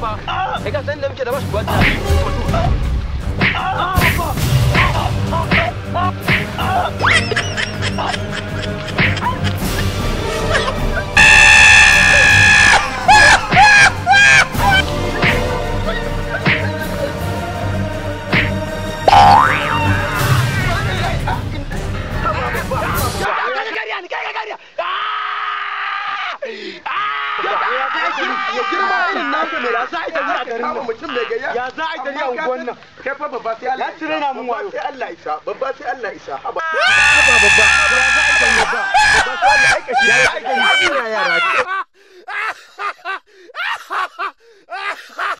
fa e ka san da muke da bashi gwata Ah! ya girma irin nasa ne ya za a gari a garin nan mutum mai gayya ya za a gari a unguwan nan kai fa babba sai Allah ya na mun wayo sai Allah isa babba sai Allah isa haba babba ya za a gari babba babba sai Allah aika shi ya za a ya yara